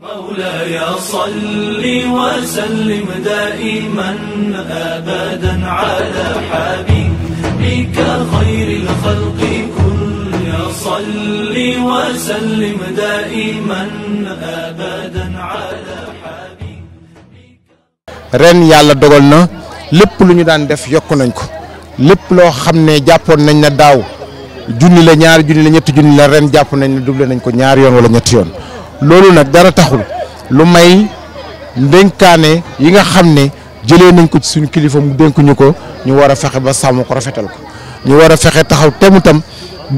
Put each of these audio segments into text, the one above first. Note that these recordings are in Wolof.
مولاي صل وسلم دائما ابدا على حبيبك خير الخلق كل صل وسلم دائما ابدا على ren yalla dogal na lepp luñu daan def yokku nañ ko lepp lo xamne jappon nañ na daw jooni la ñaar jooni la ñett jooni la ren jàpp nañ ne doublé nañ ko ñaar yoon wala ñett yoon loolu nag dara taxul lu may ndénkaane yi nga xam ne jëlee nañ ko ci suñu kilifa mu dénk ko ñu war a fexe ba sàmm ko rafetal ko ñu war a fexe taxaw mu tam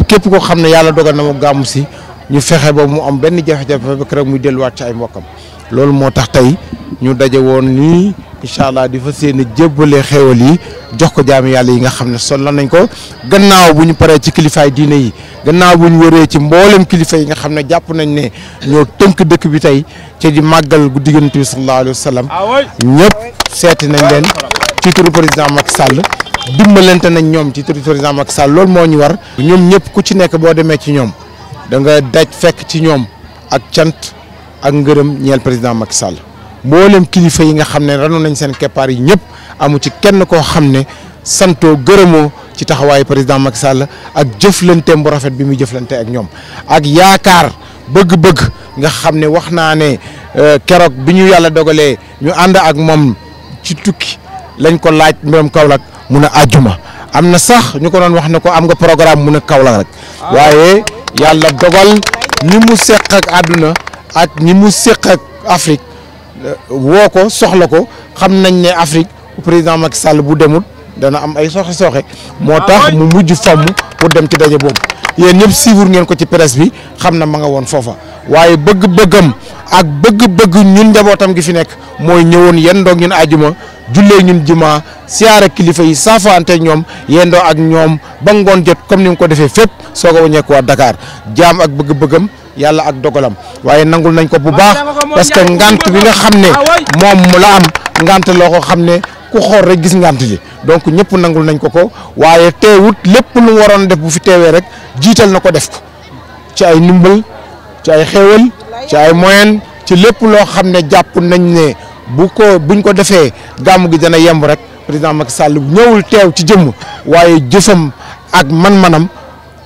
képp koo xam ne yàlla dogal na mu gàmmu si ñu fexe ba mu am benn jafe-jafe ba keroog muy delluwaat ci ay mbokkam loolu moo tax tey ñu daje woon nii incha allah di fa yéene jébbale xéewal yi jox ko jaami yàlla yi nga xam ne la nañ ko gannaaw bu ñu paree ci kilifaay diine yi gannaaw bu ñu wëree ci mboolem kilifa yi nga xam ne jàpp nañ ne ñoo tënk dëkk bi tey ci di màggal gu diggante bi sallallahu alayhi wa sallam ñëpp seeti nañ leen ci turu président Macky Sall dimbalante nañ ñoom ci turu président Macky Sall lool moo ñu war. ñoom ñëpp ku ci nekk boo demee ci ñoom da nga daj fekk ci ñoom ak cant ak ngërëm ñeel président Macky Sall. mboolem kilifa yi nga xam ne ranu nañ seen keppaar yi ñëpp amu ci kenn koo xam ne santoo gërëmoo ci taxawaayu président Macky Sall ak jëflanteem bu rafet bi muy jëflantee ak ñoom ak yaakaar bëgg-bëgg nga xam ne wax naa ne euh, keroog bi ñu yàlla dogalee ñu ànd ak moom ci tukki lañ ko laaj mbiram Kaolack mun a àjjuma am na sax ñu ko doon wax ne ko am nga programme mun a Kaolack rek ah. waaye yàlla dogal ñi mu seqak ak àdduna ak ñi mu seq ak Afrique. woo ko soxla ko xam nañ ne Afrique président Macky Sall bu demul dana am ay soxe-soxe moo ah tax mu mujj famm pour dem ci daje boobu yéen ñëpp suivre ngeen ko ci presse bi xam na ma nga woon foofa waaye bëgg-bëggam ak bëgg-bëgg ñun njabootam gi fi nekk mooy ñëwoon yen doog ñun ajuma jullee ñun juma siyaara kilifa yi saafaante ñoom yendoo ak ñoom ba ngoon jot comme ni nga ko defee fépp soo ko wañeekuwaat dakaar jaam ak bëgg-bëggam yàlla ak dogalam waaye nangul nañ ko bu baax parce que ngant bi nga xam ne moom la am ngant loo ko xam ne ku xool rek gis ngant li donc ñëpp nangul nañ ko ko waaye teewut lépp lu waroon def bu fi teewee rek jiital na ko def ko ci ay ndimbal ci ay xéewal ci ay moyen ci lépp loo xam ne jàpp nañ ne bu ko buñ ko defee gàmm gi dana yemb rek président Macky Sall ñëwul teew ci jëmm waaye jëfam ak man-manam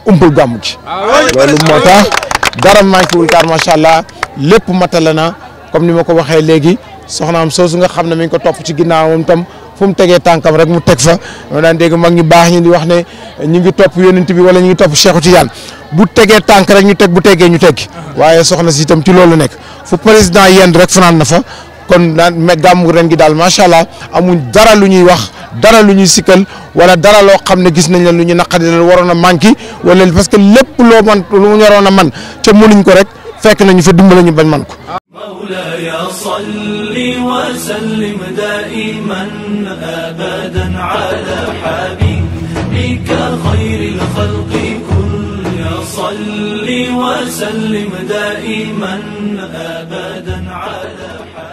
umpul gàmm gi ah loolu moo tax dara manqué wul kaar macha allah lépp matale na comme ni ma ko waxee léegi soo su nga xam ne mi ngi ko topp ci ginnaawam tam fu mu tegee tànkam rek mu teg fa ma daan dégg mag ñi baax ñi ni wax ne ñu ngi topp yonent bi wala ñu ngi topp ci Tidiane bu tegee tànk rek ñu teg bu tegee ñu teg waaye soxna si itam ci loolu nekk fu président yend rek fanaan na fa kon daan mais gàmmu ren gi daal macha allah amuñ dara luñuy wax dara luñuy sikkel wala dara lo xamne gis nañ la luñu ñu na warona manki wala parce que lépp lo man lu ñu warona man te mënuñ ko rek fekk nañu fa dimbal ñu bañ man ko. مولاي صل وسلم دائما ابدا على حبيبك خير الخلق كل صل وسلم دائما ابدا على حبيبك